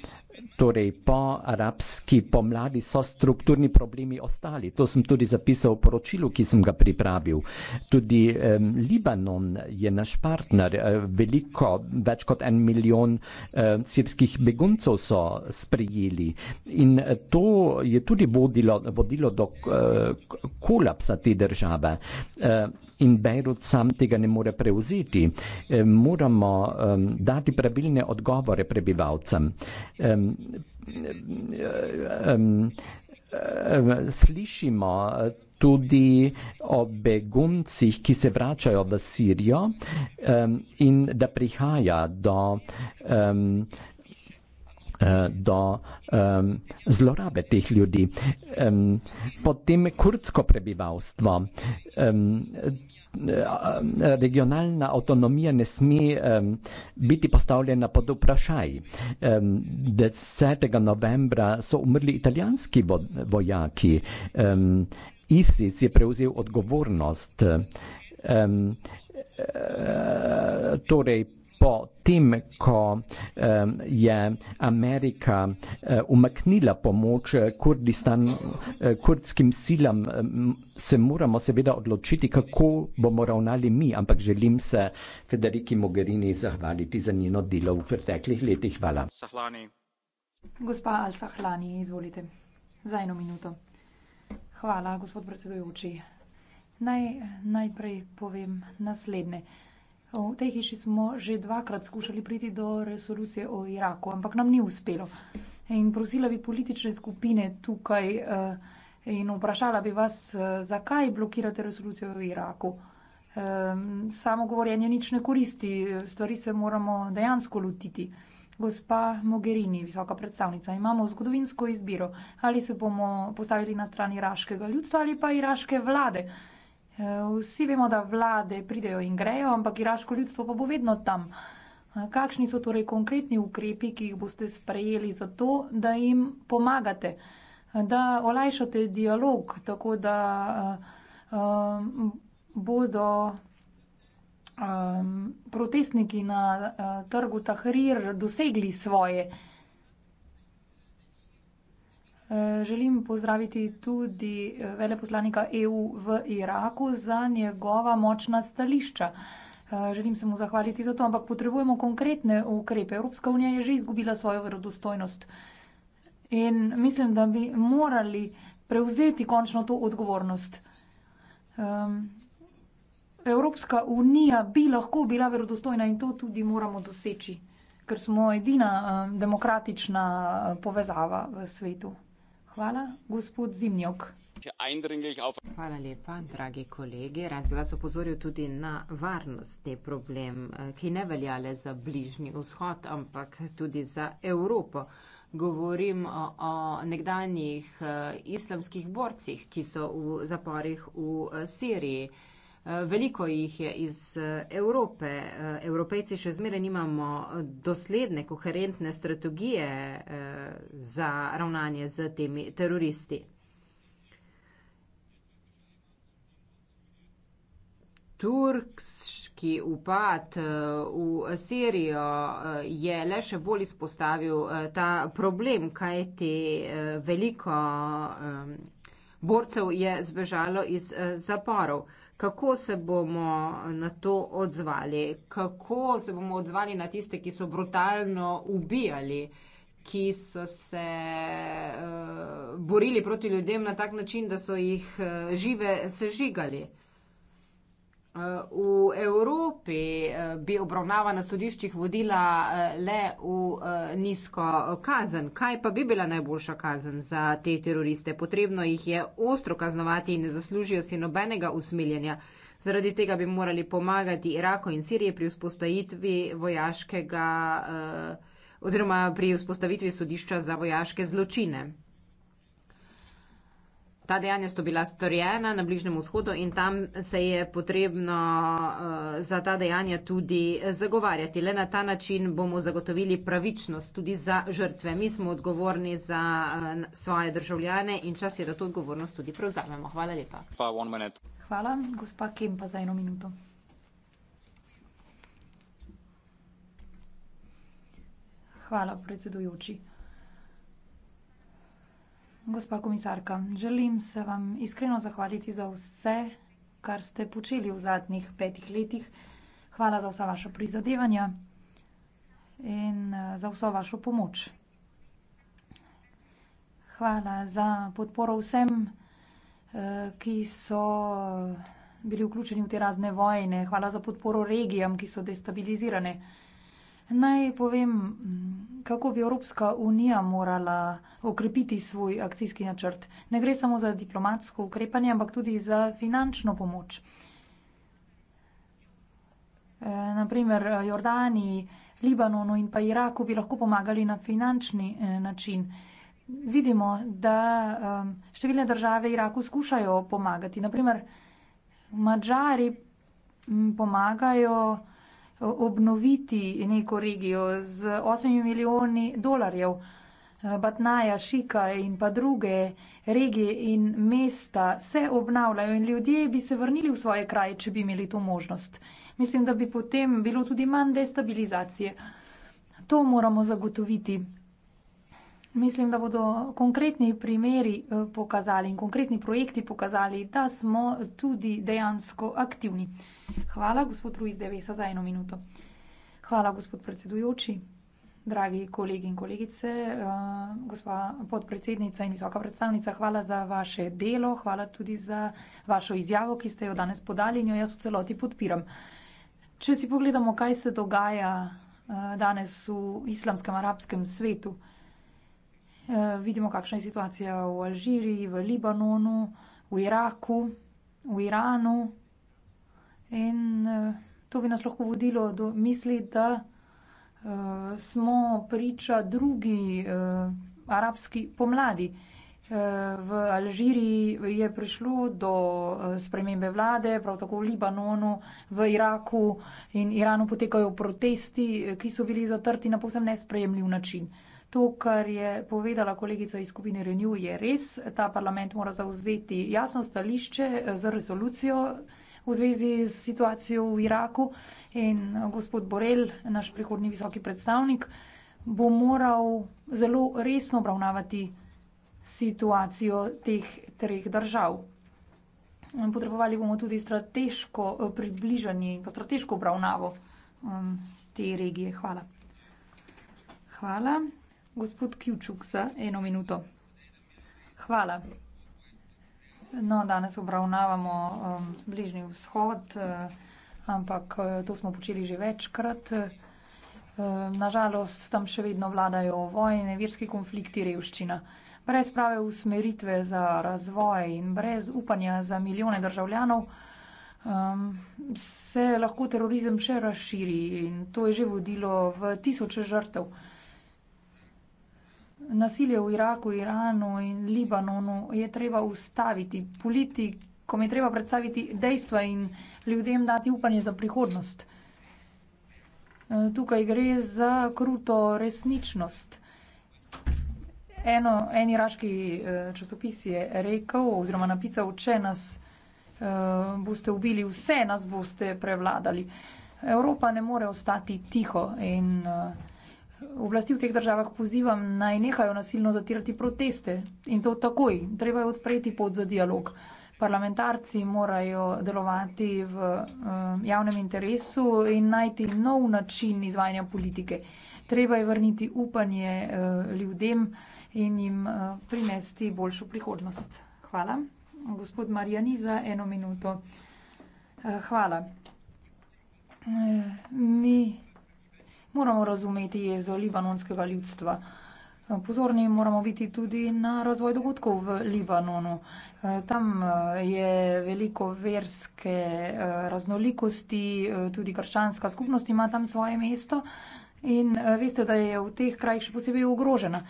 [SPEAKER 3] Torej, po arabski pomladi so strukturni problemi ostali. To sem tudi zapisal v poročilu, ki sem ga pripravil. Tudi um, Libanon je naš partner. E, veliko, več kot en milijon um, sirskih beguncev so sprejeli. In e, to je tudi vodilo, vodilo do uh, kolapsa te države. Uh, in Beirut sam tega ne more prevzeti. Um, moramo um, dati pravilne odgovore prebivalcem. Um, slišimo tudi o beguncih, ki se vračajo v Sirijo in da prihaja do Eh, do um, zlorabe teh ljudi. Um, potem kurdsko prebivalstvo. Um, regionalna avtonomija ne sme um, biti postavljena pod vprašaj. Um, 10. novembra so umrli italijanski vo vojaki. Um, ISIS je prevzel odgovornost. Um, Torej, po tem, ko eh, je Amerika eh, umaknila pomoč e, Kurdistan, eh, kurdskim silam, eh, se moramo seveda odločiti, kako bomo ravnali mi, ampak želim se Federiki Mogherini zahvaliti za njeno delo v preteklih letih. Hvala. Sahlani.
[SPEAKER 5] Gospa Al-Sahlani, izvolite. Za eno minuto. Hvala, gospod predsedujoči. Naj najprej povem naslednje. V tej hiši smo že dvakrat skušali priti do resolucije o Iraku, ampak nam ni uspelo. In prosila bi politične skupine tukaj eh, in vprašala bi vas, eh, zakaj blokirate resolucijo o Iraku. Ehm, samo govorjenje nič ne koristi, stvari se moramo dejansko lotiti. Gospa Mogherini, visoka predstavnica, imamo zgodovinsko izbiro, ali se bomo postavili na strani iraškega ljudstva ali pa iraške vlade. Vsi vemo, da vlade pridejo in grejo, ampak iraško ljudstvo pa bo vedno tam. Kakšni so torej konkretni ukrepi, ki jih boste sprejeli za to, da jim pomagate, da olajšate dialog, tako da um, bodo um, protestniki na uh, trgu Tahrir dosegli svoje. želim pozdraviti tudi eh, veleposlanika EU v Iraku za njegova močna stališča. Eh, želim se mu zahvaliti za to, ampak potrebujemo konkretne ukrepe. Evropska unija je že izgubila svojo verodostojnost in mislim, da bi morali prevzeti končno to odgovornost. Um, Evropska unija bi lahko bila verodostojna in to tudi moramo doseči, ker smo edina um, demokratična eh, povezava v svetu.
[SPEAKER 1] Hvala, gospod Zimnjok. Hvala lepa, dragi kolegi. Rad bi vas opozoril tudi na varnostni problem, ki ne veljale za bližnji vzhod, ampak tudi za Evropo. Govorim o, o nekdanjih eh, islamskih borcih, ki so v zaporih v eh, Siriji. Veliko jih je iz eh, Evrope. Eh, Evropejci še zmeraj nimamo eh, dosledne, koherentne strategije za ravnanje z temi teroristi. Turkski upad v Sirijo je le še bolj izpostavil ta problem, kaj ti veliko borcev je zbežalo iz zaporov kako se bomo na to odzvali, kako se bomo odzvali na tiste, ki so brutalno ubijali, ki so se uh, borili proti ljudem na tak način, da so jih uh, žive sežigali. V Evropi eh, bi obravnava na sodiščih vodila eh, le v eh, nizko kazen. Kaj pa bi bila najboljša kazen za te teroriste? Potrebno jih je ostro kaznovati in ne zaslužijo si nobenega usmiljenja. Zaradi tega bi morali pomagati Iraku in Siriji pri vzpostavitvi vojaškega oziroma pri vzpostavitvi sodišča za vojaške zločine. Ta dejanja so bila storjena na Bližnem vzhodu in tam se je potrebno eh, za ta dejanja tudi zagovarjati. Le na ta način bomo zagotovili pravičnost tudi za žrtve. Mi smo odgovorni za eh, svoje državljane in čas je, da to odgovornost tudi prevzamemo. Hvala lepa.
[SPEAKER 2] Pa one minute.
[SPEAKER 1] Hvala, gospa Kim, pa za eno minuto.
[SPEAKER 5] Hvala, predsedujoči. Gospa komisarka, želim se vam iskreno zahvaliti za vse, kar ste počeli v zadnjih petih letih. Hvala za vsa vaša prizadevanja in eh, za vso vašo pomoč. Hvala za podporo vsem, eh, ki so bili vključeni v te razne vojne. Hvala za podporo regijam, ki so destabilizirane. Naj povem, mm, kako bi Evropska unija morala okrepiti svoj akcijski načrt. Ne gre samo za diplomatsko ukrepanje, ampak tudi za finančno pomoč. E, Naprimer, Jordaniji, Libanonu in pa Iraku bi lahko pomagali na finančni e, način. Vidimo, da številne države Iraku skušajo pomagati. Naprimer, Mačari pomagajo obnoviti neko regijo z 8 milijoni dolarjev. Batnaja, Šika in pa druge regije in mesta se obnavljajo in ljudje bi se vrnili v svoje kraje, če bi imeli to možnost. Mislim, da bi potem bilo tudi manj destabilizacije. To moramo zagotoviti. Mislim, da bodo konkretni primeri eh, pokazali in konkretni projekti pokazali, da smo tudi dejansko aktivni. Hvala, gospod Ruiz Devesa, za eno minuto. Hvala, gospod predsedujoči, dragi kolegi in kolegice, eh, gospa podpredsednica in visoka predstavnica, hvala za vaše delo, hvala tudi za vašo izjavo, ki ste jo danes podali in jo jaz v celoti podpiram. Če si pogledamo, kaj se dogaja eh, danes v islamskem arabskem svetu, Eh, vidimo, kakšna je situacija v Alžiriji, v Libanonu, v Iraku, v Iranu. In eh, to bi nas lahko vodilo do misli, da eh, smo priča drugi arabski pomladi. V Alžiriji je prišlo do spremembe vlade, prav tako v Libanonu, v Iraku in Iranu potekajo protesti, ki so bili zatrti na posebno nesprejemljiv način. To, kar je povedala kolegica iz skupine Renew, je res. Ta parlament mora zauzeti jasno stališče eh, z resolucijo v zvezi z situacijo v Iraku in eh, gospod Borel, naš prihodni visoki predstavnik, bo moral zelo resno obravnavati situacijo teh treh držav. Potrebovali bomo tudi strateško eh, približanje in pa strateško obravnavo um, te regije. Hvala. Hvala. Gospod Kjučuk za eno minuto. Hvala. No, danes obravnavamo um, Bližnji vzhod, um, ampak um, to smo počeli že večkrat. Um, uh, nažalost, tam še vedno vladajo vojne, verski konflikti, revščina. Brez prave usmeritve za razvoj in brez upanja za milijone državljanov um, se lahko terorizem še razširi in to je že vodilo v tisoče žrtev nasilje v Iraku, Iranu in Libanonu je treba ustaviti. Politikom je treba predstaviti dejstva in ljudem dati upanje za prihodnost. Eh, tukaj gre za kruto resničnost. Eno, en iraški eh, časopis je rekel oziroma napisal, če nas eh, boste ubili, vse nas boste prevladali. Evropa ne more ostati tiho in uh, Oblasti v teh državah pozivam naj nehajo nasilno zatirati proteste in to takoj. Treba je odpreti pot za dialog. Parlamentarci morajo delovati v uh, javnem interesu in najti nov način izvajanja politike. Treba je vrniti upanje uh, ljudem in jim uh, prinesti boljšo prihodnost. Hvala. Gospod Marjani, za eno minuto. Uh, hvala. Uh, mi moramo razumeti jezo libanonskega ljudstva. Pozorni moramo biti tudi na razvoj dogodkov v Libanonu. Tam eh, je veliko verske eh, raznolikosti, eh, tudi krščanska skupnost ima tam svoje mesto in veste, da je v teh krajih še posebej ogrožena.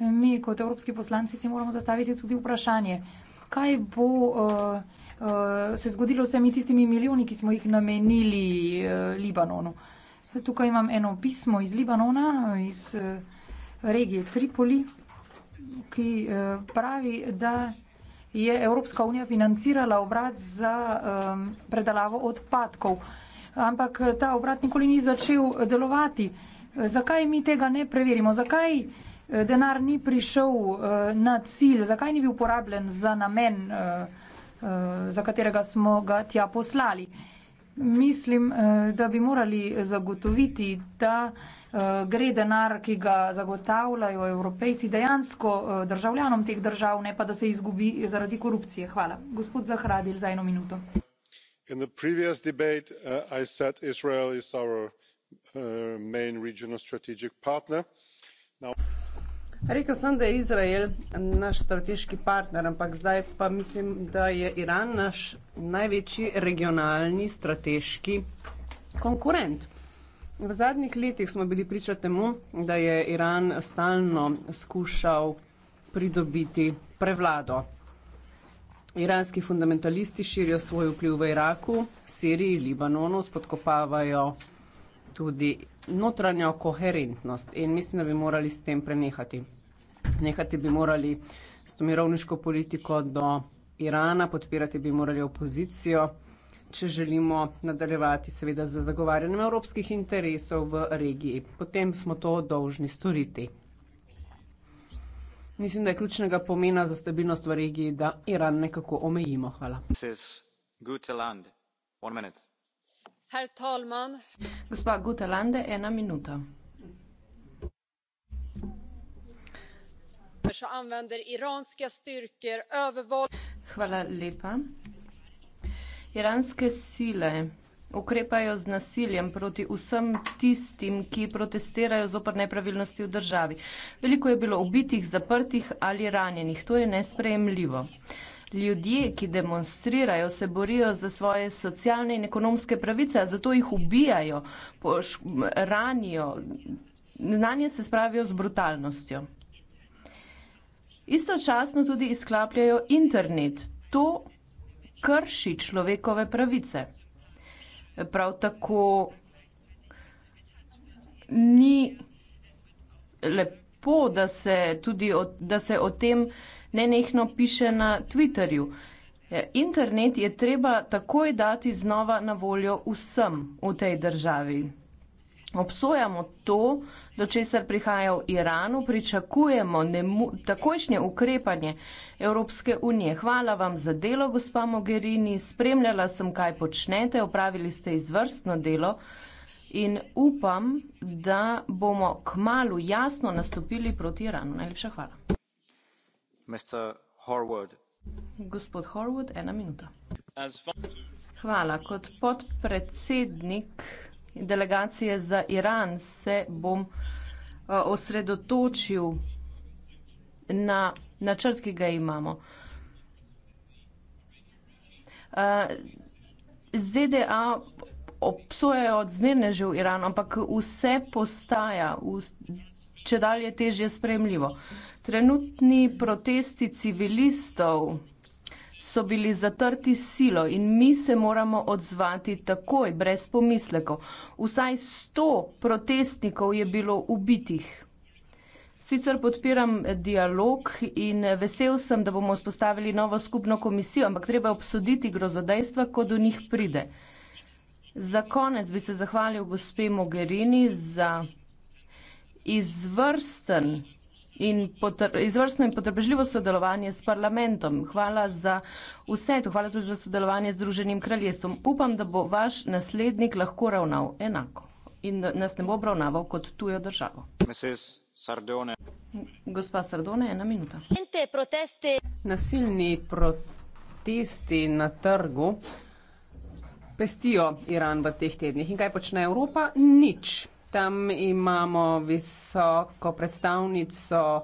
[SPEAKER 5] Mi kot evropski poslanci si moramo zastaviti tudi vprašanje, kaj bo se zgodilo s temi tistimi milijoni, ki smo jih namenili Libanonu. Tukaj imam eno pismo iz Libanona, iz eh, regije Tripoli, ki eh, pravi, da je Evropska unija financirala obrat za um, ehm, predalavo odpadkov. Ampak eh, ta obrat nikoli ni začel delovati. Zakaj mi tega ne preverimo? Zakaj denar ni prišel uh, na cilj? Zakaj ni bil uporabljen za namen, uh, uh, za katerega smo ga tja poslali? Uh, Mislim, eh, da bi morali zagotoviti, da eh, gre denar, ki ga zagotavljajo evropejci, dejansko eh, državljanom teh držav, ne pa da se izgubi zaradi korupcije. Hvala. Gospod Zahradil, za eno minuto.
[SPEAKER 2] In
[SPEAKER 4] the previous debate uh, I said Israel is our uh, main regional strategic partner. Now... Rekel sem, da je Izrael naš strateški partner, ampak zdaj pa mislim, da je Iran naš največji regionalni strateški konkurent. V zadnjih letih smo bili priča temu, da je Iran stalno skušal pridobiti prevlado. Iranski fundamentalisti širijo svoj vpliv v Iraku, Siriji, Libanonu, spodkopavajo tudi notranjo koherentnost in mislim, da bi morali s tem prenehati. Nehati bi morali s to mirovniško politiko do Irana, podpirati bi morali opozicijo, če želimo nadaljevati seveda z zagovarjanjem evropskih interesov v regiji. Potem smo to dolžni storiti. Mislim, da je ključnega pomena za stabilnost v regiji, da Iran nekako omejimo. Hvala herr talman
[SPEAKER 6] gospa gute lande ena minuta
[SPEAKER 4] så använder iranska
[SPEAKER 6] styrkor övervåld. Hvala lepa. Iranske sile ukrepajo z nasiljem proti vsem tistim, ki protestirajo zopr nepravilnosti v državi. Veliko je bilo ubitih, zaprtih ali ranjenih. To je nesprejemljivo ljudje, ki demonstrirajo, se borijo za svoje socialne in ekonomske pravice, zato jih ubijajo, poš, ranijo, na nje se spravijo z brutalnostjo. Istočasno tudi izklapljajo internet. To krši človekove pravice. Prav tako ni lepo, da se, tudi o, da se o tem nenehno piše na Twitterju. E, internet je treba takoj dati znova na voljo vsem v tej državi. Obsojamo to, do česar prihaja v Iranu, pričakujemo takojšnje ukrepanje Evropske unije. Hvala vam za delo, gospa Mogherini, spremljala sem, kaj počnete, opravili ste izvrstno delo in upam, da bomo k malu jasno nastopili proti Iranu. Najlepša hvala. Hvala. Kot podpredsednik delegacije za Iran se bom, eh, osredotočil na načrt, ki ga imamo. Eh, ZDA obsojajo zmerneže v Iranu, ampak vse postaja čedalje težje sprejemljivo. Trenutni protesti civilistov so bili zatrti silo in mi se moramo odzvati takoj, brez pomislekov. Vsaj sto protestnikov je bilo ubitih. Sicer podpiram dialog in vesel sem, da bomo spostavili novo skupno komisijo, ampak treba obsoditi grozodejstva, ko do njih pride. Za konec bi se zahvalil gospe Mogherini za izvrsten in potr izvrstno in potrpežljivo sodelovanje s parlamentom. Hvala za vse to, hvala tudi za sodelovanje z Združenim kraljestvom. Upam, da bo vaš naslednik lahko ravnal enako in nas ne bo obravnaval kot tujo
[SPEAKER 2] državo. Sardone.
[SPEAKER 6] Gospa Sardone, ena minuta.
[SPEAKER 4] Nasilni protesti na trgu pestijo Iran v teh tednih. In kaj počne Evropa? Nič. Tam imamo visoko predstavnico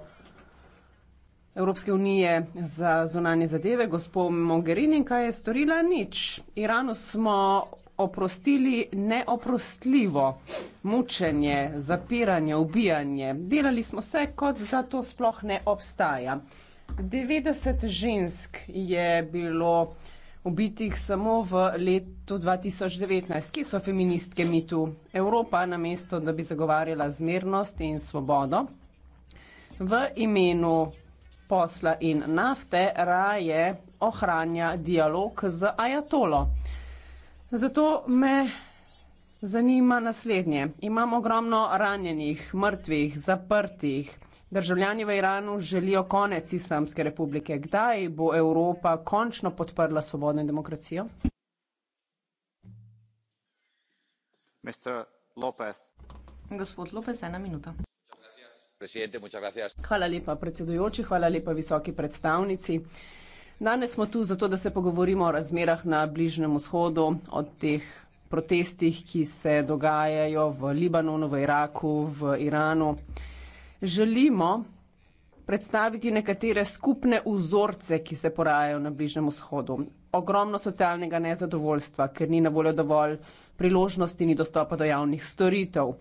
[SPEAKER 4] Evropske unije za zunanje zadeve, gospo Mogherini, kaj je storila? Nič. Iranu smo oprostili neoprostljivo mučenje, zapiranje, ubijanje. Delali smo vse, kot da to sploh ne obstaja. 90 žensk je bilo ubitih samo v letu 2019. Kje so feministke mitu? Evropa, namesto da bi zagovarjala zmernost in svobodo, v imenu posla in nafte raje ohranja dialog z ajatolo. Zato me zanima naslednje. Imamo ogromno ranjenih, mrtvih, zaprtih. Državljani v Iranu želijo konec Islamske republike. Kdaj bo Evropa končno podprla svobodno in demokracijo? Gospod Lopez, ena minuta. Hvala lepa, predsedujoči. Hvala lepa, visoki predstavnici. Danes smo tu zato, da se pogovorimo o razmerah na Bližnjem vzhodu, o teh protestih, ki se dogajajo v Libanonu, v Iraku, v Iranu želimo predstaviti nekatere skupne vzorce, ki se porajajo na Bližnjem vzhodu. Ogromno socialnega nezadovoljstva, ker ni na voljo dovolj priložnosti, ni dostopa do javnih storitev.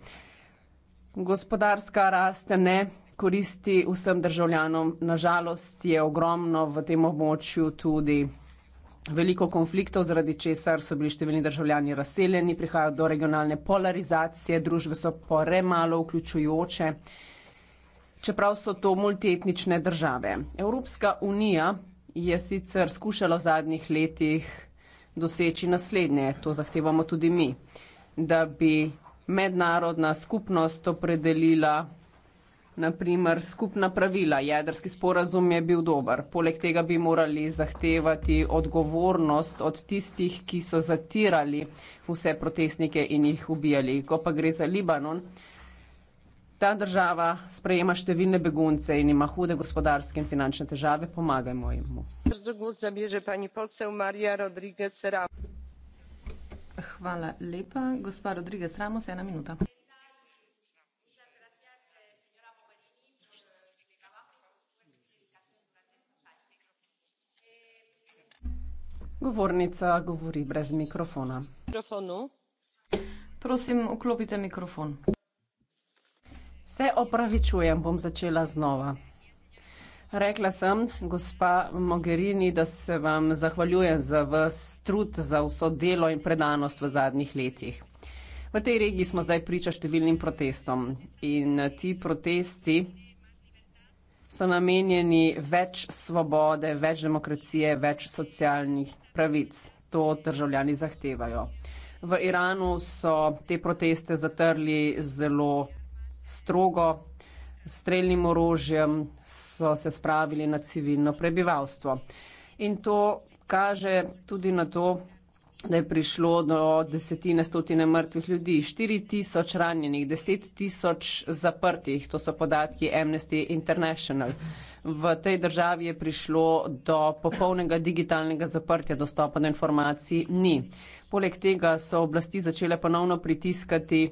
[SPEAKER 4] Gospodarska rast ne koristi vsem državljanom, nažalost je ogromno v tem območju tudi veliko konfliktov, zaradi česar so bili številni državljani razseljeni, prihaja do regionalne polarizacije, družbe so pa premalo vključujoče čeprav so to multietnične države. Evropska unija je sicer skušala v zadnjih letih doseči naslednje, to zahtevamo tudi mi, da bi mednarodna skupnost opredelila naprimer skupna pravila. Jedrski sporazum je bil dober. Poleg tega bi morali zahtevati odgovornost od tistih, ki so zatirali vse protestnike in jih ubijali. Ko pa gre za Libanon, Ta država sprejema številne begunce in ima hude gospodarske in finančne težave. Pomagajmo jim.
[SPEAKER 6] Hvala lepa. Gospa Rodriguez Ramos, ena minuta.
[SPEAKER 4] Govornica govori brez mikrofona. Prosim, vklopite mikrofon. Se opravičujem, bom začela znova. Rekla sem, gospa Mogherini, da se vam zahvaljujem za vse trud, za vso delo in predanost v zadnjih letih. V tej regiji smo zdaj priča številnim protestom in ti protesti so namenjeni več svobode, več demokracije, več socialnih pravic. To državljani zahtevajo. V Iranu so te proteste zatrli zelo strogo, s streljnim orožjem so se spravili na civilno prebivalstvo. In to kaže tudi na to, da je prišlo do desetine, stotine mrtvih ljudi, 4000 ranjenih, 10000 zaprtih, to so podatki Amnesty International. V tej državi je prišlo do popolnega digitalnega zaprtja, dostopa do informacij ni. Poleg tega so oblasti začele ponovno pritiskati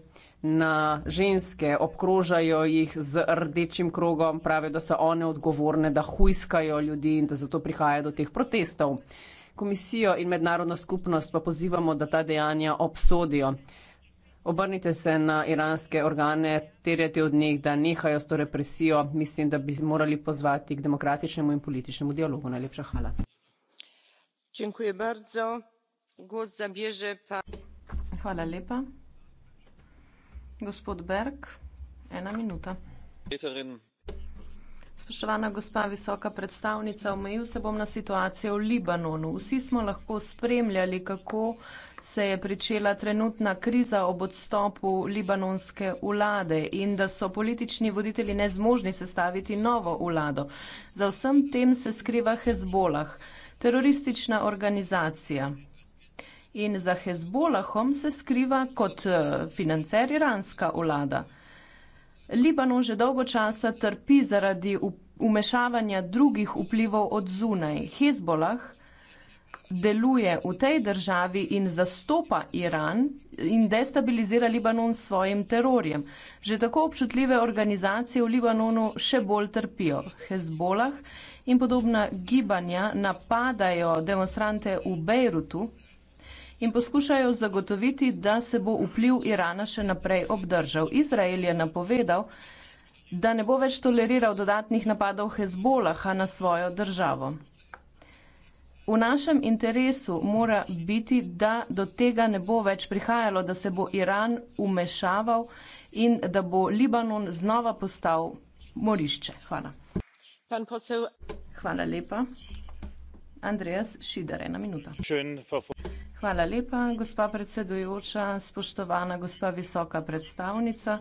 [SPEAKER 4] na ženske, obkrožajo jih z rdečim krogom, pravijo, da so one odgovorne, da hujskajo ljudi in da zato prihaja do teh protestov. Komisijo in mednarodno skupnost pa pozivamo, da ta dejanja obsodijo. Obrnite se na iranske organe, terjate od njih, da nehajo s to represijo. Mislim, da bi morali pozvati k demokratičnemu in političnemu
[SPEAKER 6] dialogu. Najlepša hvala. Hvala lepa. Gospod Berg, ena minuta. Spoštovana gospa visoka predstavnica, omejil se bom na situacijo v Libanonu. Vsi smo lahko spremljali, kako se je pričela trenutna kriza ob odstopu libanonske vlade in da so politični voditelji nezmožni sestaviti novo vlado. Za vsem tem se skriva Hezbolah, teroristična organizacija in za Hezbolahom se skriva kot eh, financer iranska vlada. Libanon že dolgo časa trpi zaradi umešavanja drugih vplivov od zunaj. Hezbolah deluje v tej državi in zastopa Iran in destabilizira Libanon s svojim terorjem. Že tako občutljive organizacije v Libanonu še bolj trpijo. Hezbolah in podobna gibanja napadajo demonstrante v Bejrutu in poskušajo zagotoviti, da se bo vpliv Irana še naprej obdržal. Izrael je napovedal, da ne bo več toleriral dodatnih napadov Hezbolaha na svojo državo. V našem interesu mora biti, da do tega ne bo več prihajalo, da se bo Iran umešaval in da bo Libanon znova postal morišče. Hvala. Hvala lepa. Andreas Šider, ena minuta. Hvala lepa, gospa predsedujoča, spoštovana gospa visoka predstavnica.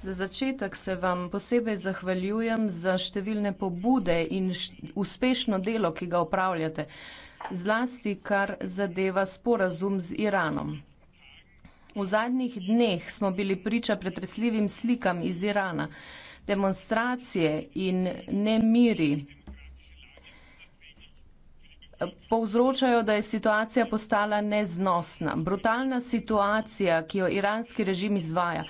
[SPEAKER 6] Za začetek se vam posebej zahvaljujem za številne pobude in uspešno delo, ki ga upravljate, zlasti kar zadeva sporazum z Iranom. V zadnjih dneh smo bili priča pretresljivim slikam iz Irana. Demonstracije in nemiri povzročajo, da je situacija postala neznosna. Brutalna situacija, ki jo iranski režim izvaja,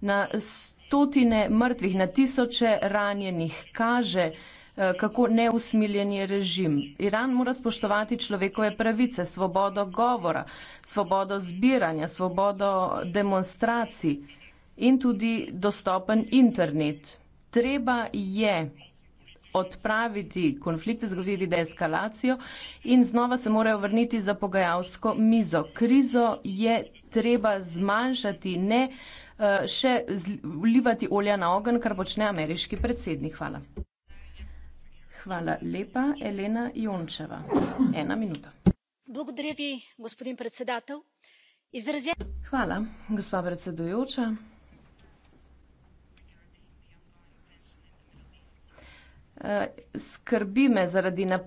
[SPEAKER 6] na stotine mrtvih, na tisoče ranjenih, kaže, eh, kako neusmiljen je režim. Iran mora spoštovati človekove pravice, svobodo govora, svobodo zbiranja, svobodo demonstracij in tudi dostopen internet. Treba je odpraviti konflikte, zagotoviti deeskalacijo in znova se morajo vrniti za pogajalsko mizo. Krizo je treba zmanjšati, ne eh, še vlivati olja na ogen, kar počne ameriški predsednik. Hvala. Hvala lepa. Elena Jončeva. Ena minuta.
[SPEAKER 1] Blagodarjavi, gospodin predsedatelj. Izrazje... Hvala,
[SPEAKER 6] gospa predsedujoča. Eh, skrbi me zaradi napetosti.